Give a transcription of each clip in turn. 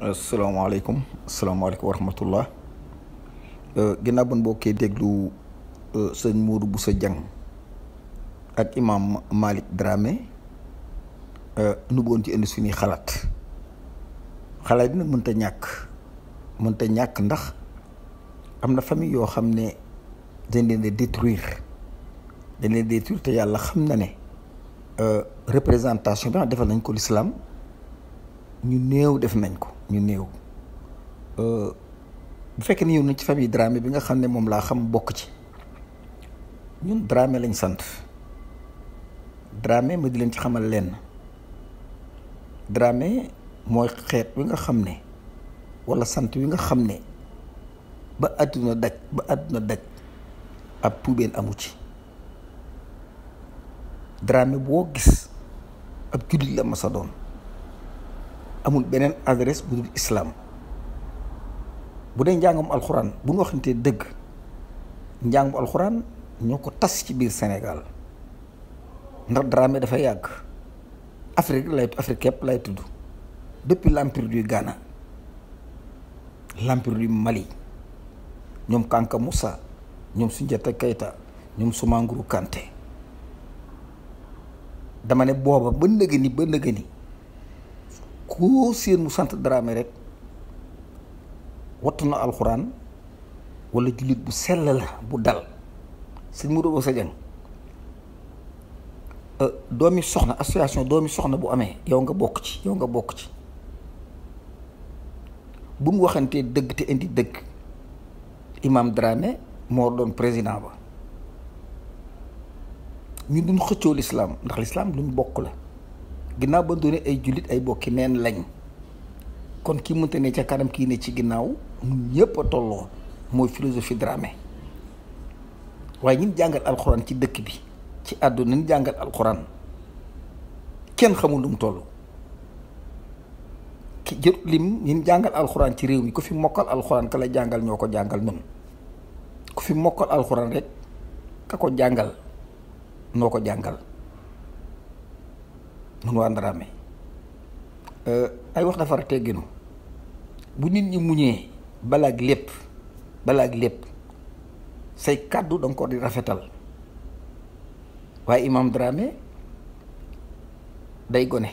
asalaamaaleykum asalaamaaleykum wa rahmatullah euh, ginnaaw ban bokkee déglu euh, sëñ bu sa Dieng ak imam Malick drame euh, nu bëggoon ci indi suñuy xalaat xalaat yi nag mënta ñàkk mënta ñàkk ndax am na famille yoo xam ne dañ leen di détruire dañ leen te yàlla xam na ne représentation bi defal nañ ko l'islam ñu néew def nañ ko ñu néew euh, bu fekkee ni yow na ci famille Dramé bi nga xam ne moom laa xam bokk ci ñun Dramé lañ sant Dramé ma di leen ci xamal lenn Dramé mooy xeet wi nga xam ne walla sant wi nga xam ne ba àdduna daj ba àdduna daj ab puubeen amu ci Dramé boo gis ab jullit la ma sa doon amul beneen adresse bu dul islam bu dee njàngam alxuraan bu ñu waxantee dëgg njàngam alxuraan ñoo ko tas ci biir senegal ndax Dramé dafa yàgg Afrique lay Afrique képp lay tudd depuis l'empire du Ghana l'empire du Mali ñoom Kanka Moussa ñoom Soundiata Keita ñoom Soumangourou kante dama ne booba ba nëgë ba nëgë koo seen mu sant Dramé rek wattu na alxuraan wala jullit bu sell la bu dal sëñ Modou Bousso Dieng euh, doomi soxna association doomi soxna bu amee yow nga bokk ci yow nga bokk ci bu mu waxantee dëgg te indi dëgg Imam Dramé moo doon président ba ñu duñ xëccoo lislaam ndax lislaam luñ bokk la ginnaaw ba doone ay jullit ay bokki neen lañ kon ki mënta ne ca kanam kii ne ci ginnaaw ñun ñëpp tolloo mooy philosophie Dramé waaye ñun jàngal alxuraan ci dëkk bi ci àdduna ñun jàngal alxuraan kenn xamul toll ki jër lim ñun jàngal alxuraan ci réew mi ku fi mokkal alxuraan ka la jàngal ñoo ko jàngal ñun ku fi mokkal alxuraan rek ka ko jàngal noo ko jàngal nun waa Ndramé euh, ay wax dafa tegginu bu nit ñi muñee balaag lépp balaag lépp say kàddu danga ko di rafetal waaye Imam Dramé day gone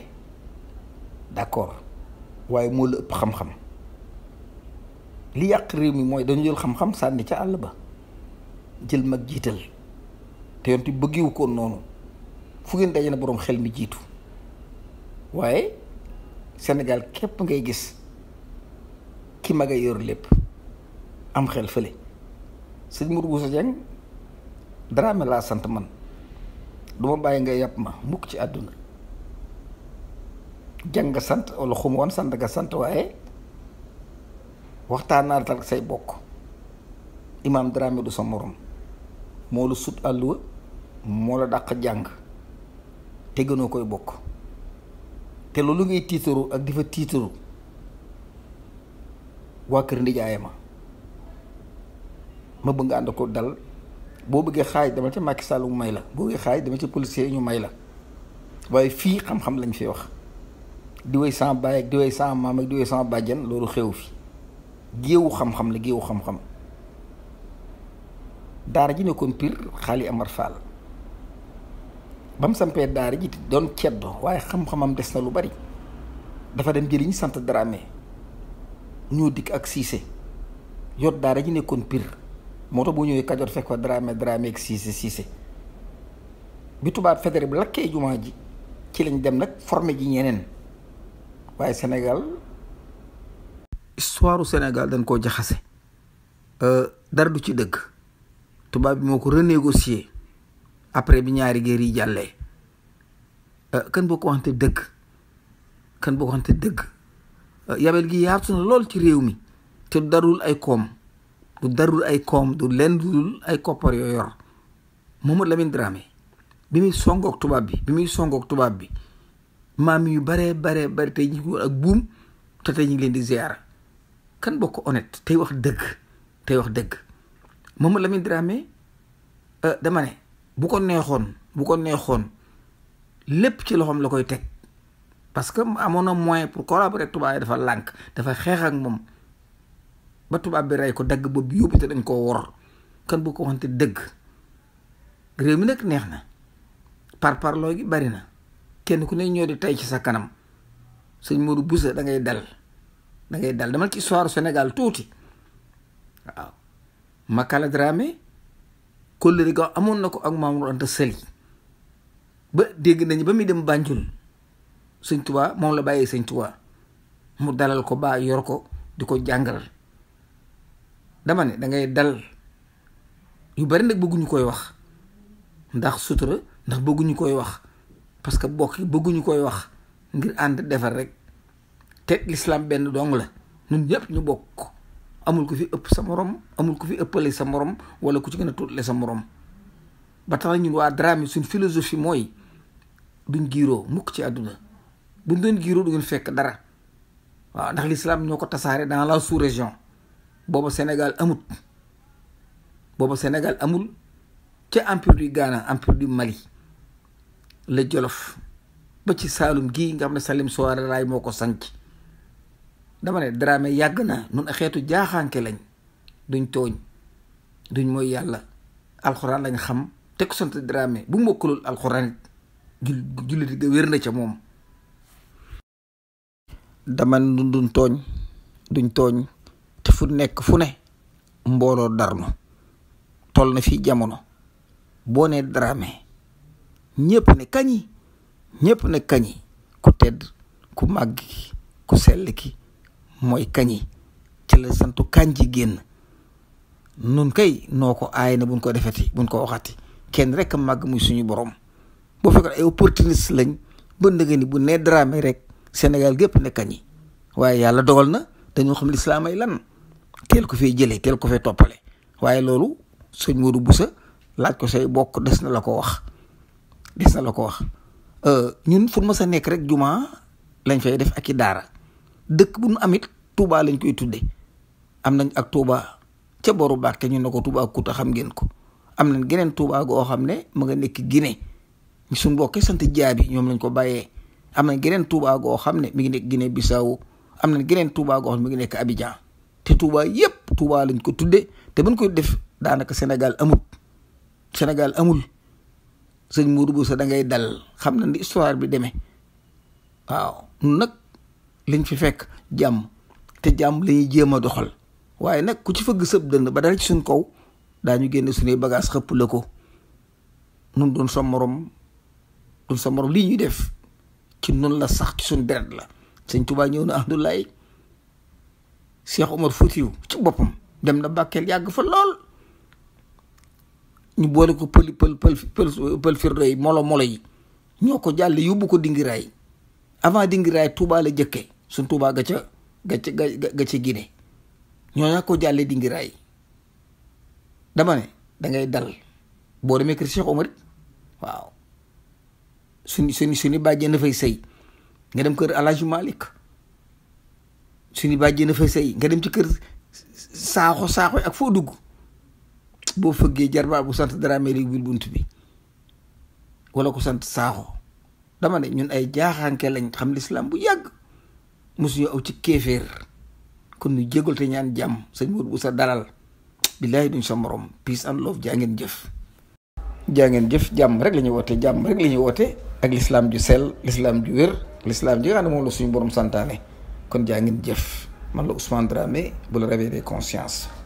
d'accord waaye moo la ëpp xam-xam li yàq réew mi mooy dañu jël xam-xam sànni ca àll ba jël mag jiital te yonti bëggiwu ko noonu fu ngeen daje boroom xel mi jiitu waaye senegal képp ngay gis ki maga yor lépp am xel fële sëñ Mourou Bousso Dieng Dramé laa sant man du ma bàyyi nga yàpp ma mukk ci àdduna jàng nga sant wala xum sant nga sant waaye waxtaan naa ak say bokk imaam Dramé du sa morom moo la sut àlluwa moo la dàq jàng te gënoo koy bokk te loolu ngay tiitaru ak di fa tiitaru waa kër ndijaay ma ma bëgg nga ànd ko dal boo bëggee xaaj dama ca Macky Sall mu may la boo bëggee xaaj dama ca policier ñu may la waaye fii xam-xam lañ fi wax di way sama baay ak di sama maam ak di way sama bàjjan loolu xew fi géewu xam-xam la géewu xam-xam daara ji nekkoon Pire Xaali Amar Fall ba mu sampee daara ji doon ceddo waaye xam-xamam des na lu bari dafa dem jëriñ sant Dramé ñoo dikk ak Cissé yor daara ji nekkoon pire moo tax bu ñëwee Kajoor fekk ko Dramé Dramé ak Cissé Cissé bi tubaab fédéré bi lakkee jumaa ji ci lañ dem nag formé ji ñeneen waaye Sénégal histoire Sénégal dañ koo jaxase euh, dara du ci dëgg tubaab bi moo ko renégocier après bi ñaari guerre yi jàllee kan boo ko dëgg kan boo ko waxante dëgg euh, gi yaatu lool ci réew mi te du darul ay koom du darul ay koom du lenn dul ay koppar yoo yor Mamadou Lamine Dramé bi muy songook tubaab bi bi muy songook tubaab bi maam yu baree baree bare tey ñu ngi ak buum te tey ñu ngi leen di ziara kan boo ko honnête tey wax dëgg tey wax dëgg Mamadou Lamine Dramé euh, dama bu ko neexoon bu ko neexoon lépp ci loxoom la koy teg parce que amoon na moyen pour collaborer tubaab yi dafa lànk dafa xeex ak moom ba tubaab bi rey ko dagg bopp yóbbu te dañ koo wor kan bu ko waxante dëgg réew mu nekk neex na par parloo gi bari na kenn ku ne ñoo di tey ci sa kanam sëñ Modou Boussa da ngay dal da ngay dal dama ci histoire Sénégal tuuti waaw Makala Dramé kóllëre ga amoon na ko ak Mamour Anta Sali ba dégg nañu ba muy dem Banjul sëñ Tuubaa moom la bàyyee sëñ Tuubaa mu dalal ko baa yor ko di ko jàngal dama ne dangay dal yu bari nag bëgguñu koy wax ndax sutura ndax bëgguñu koy wax parce que bokk bëgguñu koy wax ngir ànd defar rek te lislaam benn dong la ñun ñëpp ñu bokk amul ku fi ëpp sa morom amul ku fi ëppale sa morom wala ku ci gën a tuutale sa morom ba tax na ñun waa Dramé suñ philosophie mooy duñ giiroo mukk ci àdduna buñ doon giiroo du ngeen fekk dara waaw ndax l'islam ñoo ko tasaare dans la sous-région booba Sénégal amut booba Sénégal amul ca empire du Ghana empire du Mali la Jolof ba ci Saalum gii nga xam ne Salim Soare Raay moo ko sanc dama ne Dramé yàgg na nun xeetu jaaxaanke lañ duñ tooñ duñ mooy yàlla alxuraan lañ xam teg ko sant Dramé bu mokkalul alxuraan it jullit ga wér na ca moom dama ne duñ tooñ duñ tooñ te fu nekk fu ne mbooloo darnu toll na fi jamono boo ne Dramé ñëpp ne kañi ñëpp ne kañi ku tedd ku màgg ki ku sell mooy kañi ci la santu kañ ji génn nun kay noo ko aay na buñ ko defee defeti buñ ko waxati kenn rek màgg muy suñu borom boo fekkoon ay opportuniste lañ ba ndëgë ni bu nee Dramé rek Sénégal gépp ne kañi waaye yàlla dogal na dañoo xam lislaam ay lan teel ko fee jëlee teel ko fee toppale waaye loolu sëñ Modou busa laaj ko say bokk des na la ko wax des na la ko wax euh, ñun fu ma sa nekk rek jumaa lañ fay def ak i daara dëkk bu nu amit tuubaa lañ koy tudde am nañ ak Touba ca boru Mbàkke ñu ne ko Touba Kouta xam ngeen ko am nañ geneen tuubaa goo xam ne mu nga nekk Guinée suñ bokkee sant jaabi ñoom lañ ko bàyyee am nañ geneen Touba goo xam ne mi ngi nekk Guinée Bissau am na geneen Touba goo ne mi ngi nekk Abidjan te tuubaa yëpp Touba lañ ko tudde te buñ koy def daanaka senegal amul senegal amul sëñ Modou Bousso da ngay dal xam na ni histoire bi demee waaw liñ fi fekk jàmm te jàmm lañuy jéem a doxal waaye nag ku ci fëgg sëb dënd ba dal ci suñ kaw daañu génne suñuy bagage xëpp la ko nun doon sa morom doon sa morom lii ñuy def ci nun la sax ci suñ deret la sëñ Tuubaa ñëw na Abdoulaye Cheikh Omar Foutiou ci boppam dem na Bakel yàgg fa lool ñu boole ko pël pël pël pël firdo yi molo molo yi ñoo ko jàll yóbbu ko dingiraay avant dingiraay Tuubaa la jëkke suñ Tuubaa ga ca ga ca ga ca Guinée ñooña ko jàllee di ngi dangay dal boo demee kër Cheikh Omar waaw suñu sunu suñu bàjjee fay say nga dem kër Alaaji Malik suñu bàjjee na fay sëy nga dem ci kër saaxo saaxo ak foo dugg boo fëggee jarbaa bu sant Dramé rek bil bunt bi wala ko sant saaxo damane ne ñun ay jaaxaanke lañ xam lislaam bu yàgg mosuñu aw ci kéeféer kon nu jégal te ñaan jàmm sëñ Modou Bousso dalal billaahi duñ sa morom peace and love jaa jëf jaa ngeen jëf jàmm rek la ñuy woote jàmm rek la ñuy woote ak lislaam ju sel lislaam ju wér lislaam ji nga xam moom la suñu borom santaane kon jaa ngeen jëf man la Ousmane Dramé bu la réveillé conscience